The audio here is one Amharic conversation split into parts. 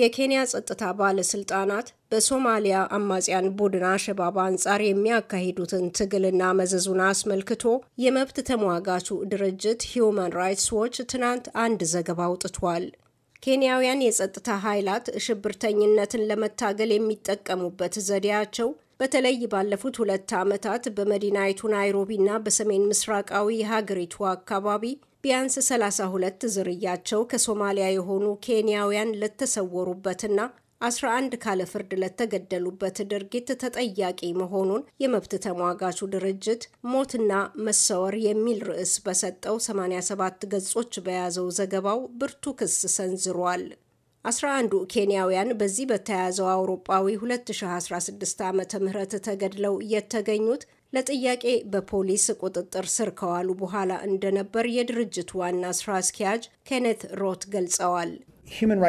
የኬንያ ጸጥታ ባለስልጣናት በሶማሊያ አማጽያን ቡድን አሸባብ አንጻር የሚያካሂዱትን ትግልና መዘዙን አስመልክቶ የመብት ተሟጋቹ ድርጅት ሂዩማን ራይትስ ዎች ትናንት አንድ ዘገባ አውጥቷል። ኬንያውያን የጸጥታ ኃይላት ሽብርተኝነትን ለመታገል የሚጠቀሙበት ዘዴያቸው በተለይ ባለፉት ሁለት ዓመታት በመዲናይቱ ናይሮቢና በሰሜን ምስራቃዊ የሀገሪቱ አካባቢ ቢያንስ 32 ዝርያቸው ከሶማሊያ የሆኑ ኬንያውያን ለተሰወሩበትና 11 ካለ ፍርድ ለተገደሉበት ድርጊት ተጠያቂ መሆኑን የመብት ተሟጋቹ ድርጅት ሞትና መሰወር የሚል ርዕስ በሰጠው 87 ገጾች በያዘው ዘገባው ብርቱ ክስ ሰንዝሯል። 11ዱ ኬንያውያን በዚህ በተያያዘው አውሮጳዊ 2016 ዓ ም ተገድለው የተገኙት ለጥያቄ በፖሊስ ቁጥጥር ስር ከዋሉ በኋላ እንደነበር የድርጅቱ ዋና ስራ አስኪያጅ ኬኔት ሮት ገልጸዋል። ሂዩማን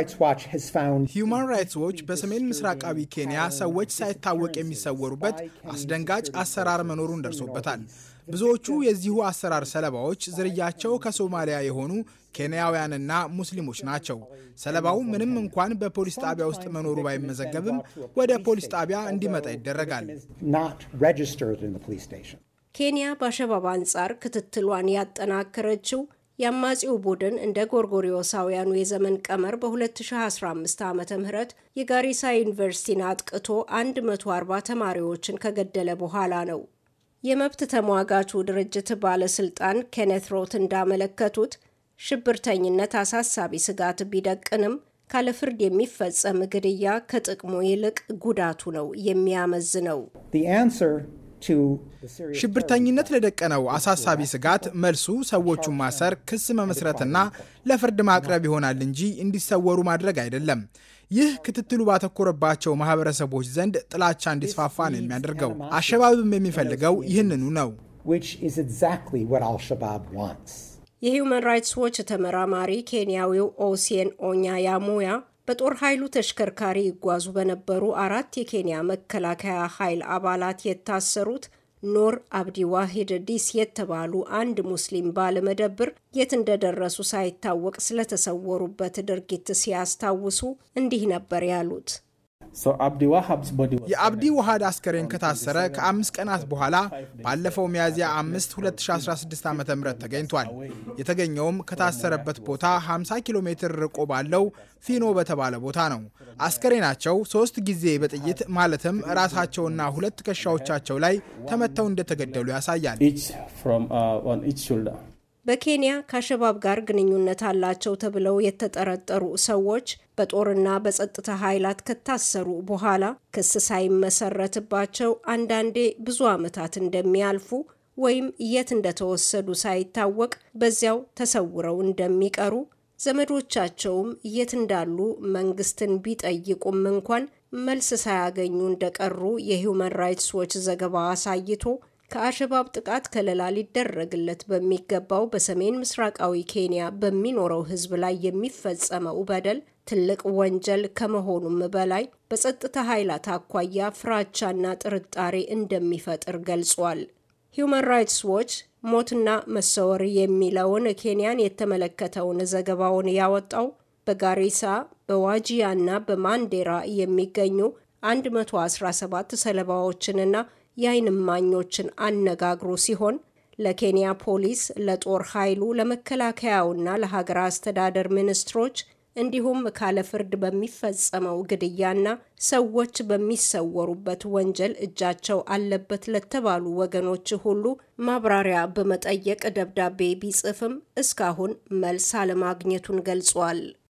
ራይትስ ዎች በሰሜን ምስራቃዊ ኬንያ ሰዎች ሳይታወቅ የሚሰወሩበት አስደንጋጭ አሰራር መኖሩን ደርሶበታል። ብዙዎቹ የዚሁ አሰራር ሰለባዎች ዝርያቸው ከሶማሊያ የሆኑ ኬንያውያንና ሙስሊሞች ናቸው። ሰለባው ምንም እንኳን በፖሊስ ጣቢያ ውስጥ መኖሩ ባይመዘገብም ወደ ፖሊስ ጣቢያ እንዲመጣ ይደረጋል። ኬንያ በአሸባብ አንጻር ክትትሏን ያጠናከረችው የአማጺው ቡድን እንደ ጎርጎሪዮሳውያኑ የዘመን ቀመር በ2015 ዓ ም የጋሪሳ ዩኒቨርሲቲን አጥቅቶ 140 ተማሪዎችን ከገደለ በኋላ ነው። የመብት ተሟጋቹ ድርጅት ባለስልጣን ኬነት ሮት እንዳመለከቱት ሽብርተኝነት አሳሳቢ ስጋት ቢደቅንም ካለ ፍርድ የሚፈጸም ግድያ ከጥቅሙ ይልቅ ጉዳቱ ነው የሚያመዝነው። ሽብርተኝነት ለደቀነው አሳሳቢ ስጋት መልሱ ሰዎቹን ማሰር፣ ክስ መመስረትና ለፍርድ ማቅረብ ይሆናል እንጂ እንዲሰወሩ ማድረግ አይደለም። ይህ ክትትሉ ባተኮረባቸው ማህበረሰቦች ዘንድ ጥላቻ እንዲስፋፋ ነው የሚያደርገው። አሸባብም የሚፈልገው ይህንኑ ነው። የሂውማን ራይትስ ዎች ተመራማሪ ኬንያዊው ኦሲየን ኦኛ ያሙያ በጦር ኃይሉ ተሽከርካሪ ይጓዙ በነበሩ አራት የኬንያ መከላከያ ኃይል አባላት የታሰሩት ኖር አብዲ ዋሂድ ዲስ የተባሉ አንድ ሙስሊም ባለመደብር የት እንደደረሱ ሳይታወቅ ስለተሰወሩበት ድርጊት ሲያስታውሱ እንዲህ ነበር ያሉት። የአብዲ ዋሃድ አስከሬን ከታሰረ ከአምስት ቀናት በኋላ ባለፈው ሚያዝያ አምስት 2016 ዓ ም ተገኝቷል። የተገኘውም ከታሰረበት ቦታ 50 ኪሎ ሜትር ርቆ ባለው ፊኖ በተባለ ቦታ ነው። አስከሬናቸው ሶስት ጊዜ በጥይት ማለትም ራሳቸውና ሁለት ትከሻዎቻቸው ላይ ተመተው እንደተገደሉ ያሳያል። በኬንያ ከአሸባብ ጋር ግንኙነት አላቸው ተብለው የተጠረጠሩ ሰዎች በጦርና በጸጥታ ኃይላት ከታሰሩ በኋላ ክስ ሳይመሰረትባቸው አንዳንዴ ብዙ ዓመታት እንደሚያልፉ ወይም የት እንደተወሰዱ ሳይታወቅ በዚያው ተሰውረው እንደሚቀሩ ዘመዶቻቸውም የት እንዳሉ መንግስትን ቢጠይቁም እንኳን መልስ ሳያገኙ እንደቀሩ የሂውማን ራይትስ ዎች ዘገባ አሳይቶ ከአሸባብ ጥቃት ከለላ ሊደረግለት በሚገባው በሰሜን ምስራቃዊ ኬንያ በሚኖረው ሕዝብ ላይ የሚፈጸመው በደል ትልቅ ወንጀል ከመሆኑም በላይ በጸጥታ ኃይላት አኳያ ፍራቻና ጥርጣሬ እንደሚፈጥር ገልጿል። ሂዩማን ራይትስ ዎች ሞትና መሰወር የሚለውን ኬንያን የተመለከተውን ዘገባውን ያወጣው በጋሪሳ በዋጂያና በማንዴራ የሚገኙ 117 ሰለባዎችንና የአይን እማኞችን አነጋግሮ ሲሆን ለኬንያ ፖሊስ፣ ለጦር ኃይሉ፣ ለመከላከያውና ለሀገር አስተዳደር ሚኒስትሮች እንዲሁም ካለ ፍርድ በሚፈጸመው ግድያና ሰዎች በሚሰወሩበት ወንጀል እጃቸው አለበት ለተባሉ ወገኖች ሁሉ ማብራሪያ በመጠየቅ ደብዳቤ ቢጽፍም እስካሁን መልስ አለማግኘቱን ገልጿል።